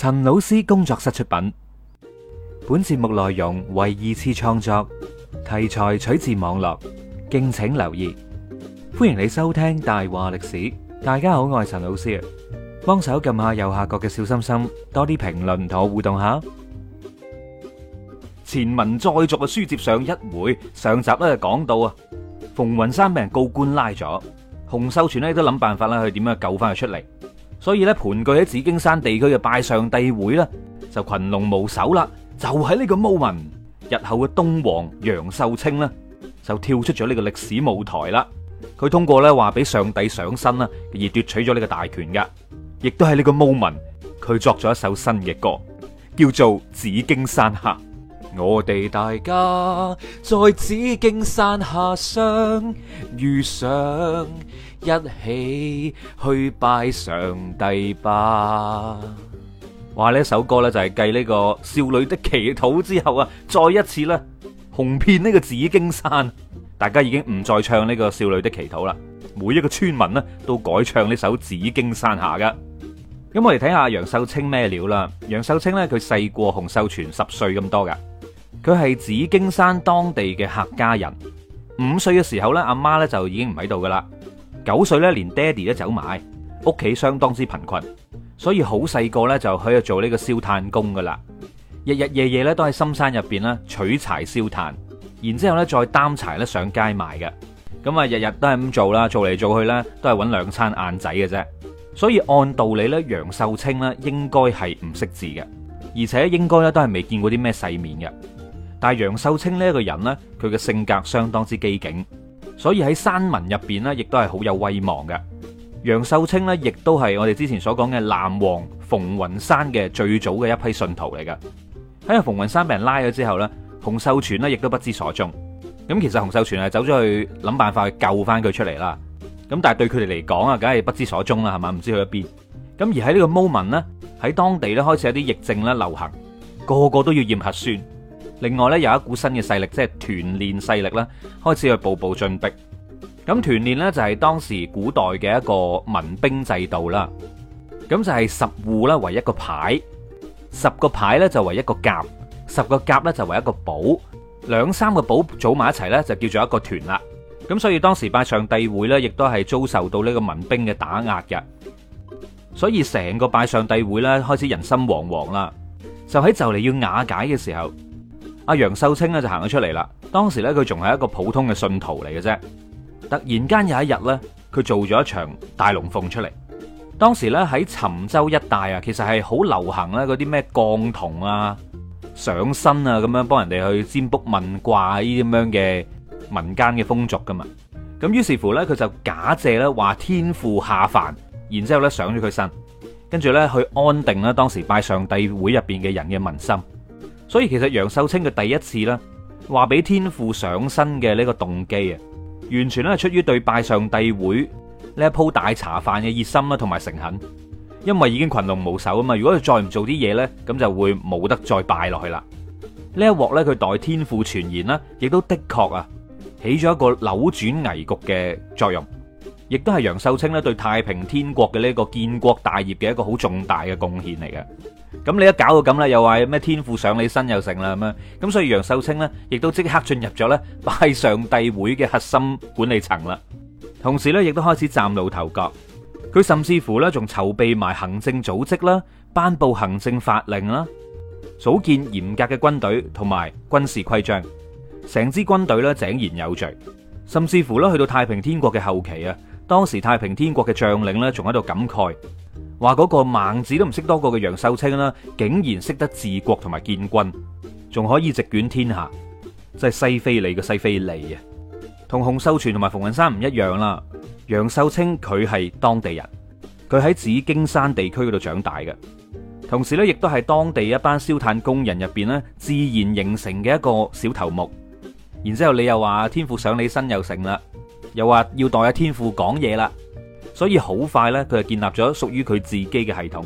陳老師工作室出品，本節目內容為二次創作，題材取自網絡，敬請留意。歡迎你收聽《大話歷史》，大家好，我係陳老師啊，幫手撳下右下角嘅小心心，多啲評論同我互動下。前文再續嘅書接上一回，上集咧就講到啊，馮雲山被人告官拉咗，洪秀全呢都諗辦法啦，去點樣救翻佢出嚟。所以咧，盤踞喺紫荊山地區嘅拜上帝會咧，就群龍無首啦。就喺呢個 moment，日後嘅東王楊秀清呢，就跳出咗呢個歷史舞台啦。佢通過咧話俾上帝上身啦，而奪取咗呢個大權㗎，亦都係呢個 moment，佢作咗一首新嘅歌，叫做《紫荊山下》。我哋大家在紫荊山下相遇上，想一起去拜上帝吧！哇，呢首歌呢，就係繼呢個《少女的祈禱》之後啊，再一次啦，紅遍呢個紫荊山，大家已經唔再唱呢個《少女的祈禱》啦，每一個村民呢，都改唱呢首《紫荊山下》嘅。咁我哋睇下楊秀清咩料啦？楊秀清呢，佢細過洪秀全十歲咁多噶。佢係紫荊山當地嘅客家人。五歲嘅時候呢，阿媽呢就已經唔喺度噶啦。九歲呢，連爹哋都走埋，屋企相當之貧困，所以好細個呢就去做呢個燒炭工噶啦。日日夜夜呢都喺深山入邊呢取柴燒炭，然之後呢再擔柴咧上街賣嘅。咁啊，日日都係咁做啦，做嚟做去呢，都係揾兩餐晏仔嘅啫。所以按道理咧，楊秀清咧，應該係唔識字嘅，而且應該咧都係未見過啲咩世面嘅。但係楊秀清呢一個人呢，佢嘅性格相當之機警，所以喺山民入邊呢，亦都係好有威望嘅。楊秀清呢，亦都係我哋之前所講嘅南王馮雲山嘅最早嘅一批信徒嚟噶。喺馮雲山被人拉咗之後呢，洪秀全呢，亦都不知所蹤。咁其實洪秀全係走咗去諗辦法去救翻佢出嚟啦。咁但係對佢哋嚟講啊，梗係不知所終啦，係嘛？唔知去咗邊。咁而喺呢個 moment 咧，喺當地咧開始有啲疫症咧流行，個個都要驗核酸。另外咧有一股新嘅勢力，即係團練勢力咧，開始去步步進逼。咁團練咧就係當時古代嘅一個民兵制度啦。咁就係十戶啦為一個牌，十個牌咧就為一個甲，十個甲咧就為一個保，兩三個保組埋一齊咧就叫做一個團啦。咁所以當時拜上帝會呢，亦都係遭受到呢個民兵嘅打壓嘅，所以成個拜上帝會呢，開始人心惶惶啦。就喺就嚟要瓦解嘅時候，阿楊秀清呢就行咗出嚟啦。當時呢，佢仲係一個普通嘅信徒嚟嘅啫。突然間有一日呢，佢做咗一場大龍鳳出嚟。當時呢，喺潯州一帶啊，其實係好流行咧嗰啲咩降童啊、上身啊咁樣幫人哋去占卜問卦呢啲咁樣嘅。民間嘅風俗㗎嘛，咁於是乎呢，佢就假借呢話天父下凡，然之後呢上咗佢身，跟住呢去安定呢當時拜上帝會入邊嘅人嘅民心。所以其實楊秀清嘅第一次呢話俾天父上身嘅呢個動機啊，完全呢係出於對拜上帝會呢一鋪大茶飯嘅熱心啦同埋誠懇，因為已經群龍無首啊嘛，如果佢再唔做啲嘢呢，咁就會冇得再拜落去啦。呢一鑊呢，佢代天父傳言呢，亦都的確啊，起咗一個扭轉危局嘅作用，亦都係楊秀清咧對太平天國嘅呢一個建國大業嘅一個好重大嘅貢獻嚟嘅。咁你一搞到咁啦，又話咩天父上你身又成啦咁樣，咁所以楊秀清呢，亦都即刻進入咗呢拜上帝會嘅核心管理層啦，同時呢，亦都開始嶄露頭角。佢甚至乎呢，仲籌備埋行政組織啦，頒布行政法令啦，組建嚴格嘅軍隊同埋軍事規章。成支軍隊咧井然有序，甚至乎咧去到太平天國嘅後期啊，當時太平天國嘅將領呢，仲喺度感慨，話嗰個盲字都唔識多過嘅楊秀清啦，竟然識得治國同埋建軍，仲可以席捲天下，真係犀飛利嘅犀飛利啊，同洪秀全同埋馮雲山唔一樣啦。楊秀清佢係當地人，佢喺紫荊山地區嗰度長大嘅，同時呢，亦都係當地一班燒炭工人入邊呢，自然形成嘅一個小頭目。然之後你又話天父上你身又成啦，又話要代阿天父講嘢啦，所以好快呢佢就建立咗屬於佢自己嘅系統，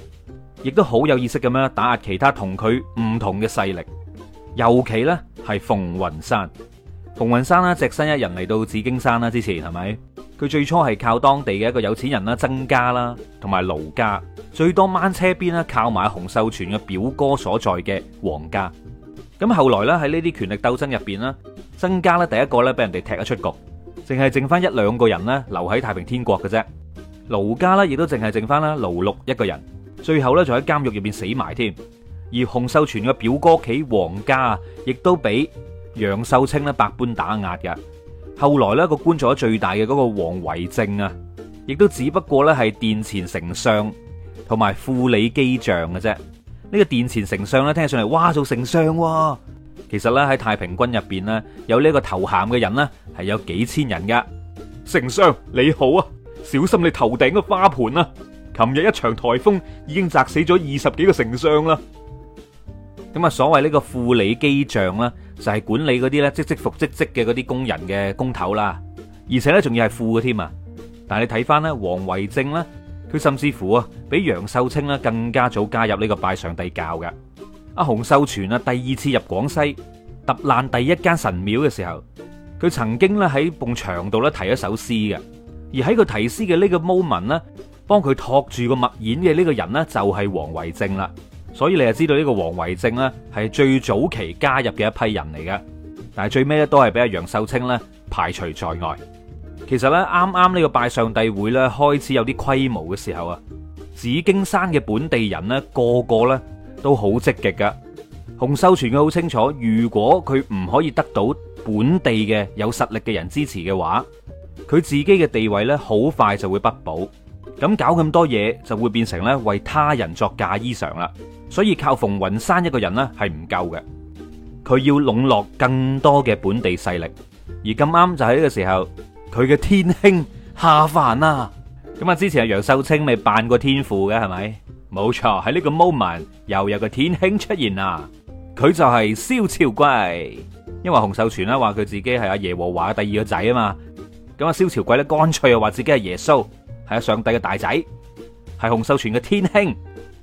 亦都好有意識咁樣打壓其他，他同佢唔同嘅勢力，尤其呢係馮雲山。馮雲山呢隻身一人嚟到紫荊山啦，之前係咪？佢最初係靠當地嘅一個有錢人啦，曾家啦，同埋盧家，最多掹車邊啦，靠埋洪秀全嘅表哥所在嘅王家。咁後來咧，喺呢啲權力鬥爭入邊呢，曾家咧，第一個咧俾人哋踢咗出局，淨係剩翻一兩個人呢，留喺太平天國嘅啫。盧家呢，亦都淨係剩翻啦盧六一個人，最後咧，就喺監獄入邊死埋添。而洪秀全嘅表哥企王家啊，亦都俾楊秀清咧百般打壓嘅。後來咧，個官做得最大嘅嗰個王維正啊，亦都只不過咧，係殿前丞相同埋副理機將嘅啫。呢個殿前丞相咧，聽上嚟，哇，做丞相啊，其實咧，喺太平軍入邊咧，有呢一個頭銜嘅人呢係有幾千人噶。丞相你好啊，小心你頭頂個花盆啊！琴日一場颱風已經砸死咗二十幾個丞相啦。咁啊，所謂呢個副理機匠啦，就係管理嗰啲咧，織織服織織嘅嗰啲工人嘅工頭啦，而且咧仲要係副嘅添啊。但係你睇翻咧，王維正咧。佢甚至乎啊，比楊秀清咧更加早加入呢個拜上帝教嘅。阿洪秀全啊，第二次入廣西揼爛第一間神廟嘅時候，佢曾經咧喺埲牆度咧提一首詩嘅。而喺佢提詩嘅呢個 moment 咧，幫佢托住個墨硯嘅呢個人呢，就係王維正啦。所以你就知道呢個王維正咧，係最早期加入嘅一批人嚟嘅。但係最尾咧，都係俾阿楊秀清咧排除在外。其實咧，啱啱呢個拜上帝會咧開始有啲規模嘅時候啊，紫荊山嘅本地人咧個個咧都好積極㗎。洪秀全佢好清楚，如果佢唔可以得到本地嘅有實力嘅人支持嘅話，佢自己嘅地位咧好快就會不保。咁搞咁多嘢就會變成咧為他人作嫁衣裳啦。所以靠馮雲山一個人咧係唔夠嘅，佢要籠絡更多嘅本地勢力。而咁啱就喺呢個時候。佢嘅天兄下凡啊，咁啊之前阿楊秀清咪扮過天父嘅，係咪？冇錯，喺呢個 moment 又有個天兄出現啦！佢就係蕭朝貴，因為洪秀全啦話佢自己係阿耶和華嘅第二個仔啊嘛。咁啊蕭朝貴咧乾脆又話自己係耶穌，係阿上帝嘅大仔，係洪秀全嘅天兄。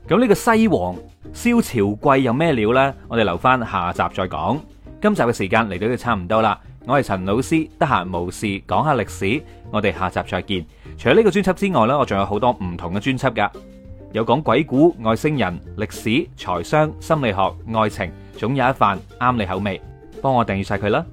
咁呢個西王蕭朝貴有咩料咧？我哋留翻下集再講。今集嘅時間嚟到都差唔多啦。我係陳老師，得閒無事講下歷史，我哋下集再見。除咗呢個專輯之外呢，我仲有好多唔同嘅專輯噶，有講鬼故、外星人、歷史、財商、心理學、愛情，總有一份啱你口味，幫我訂閱晒佢啦。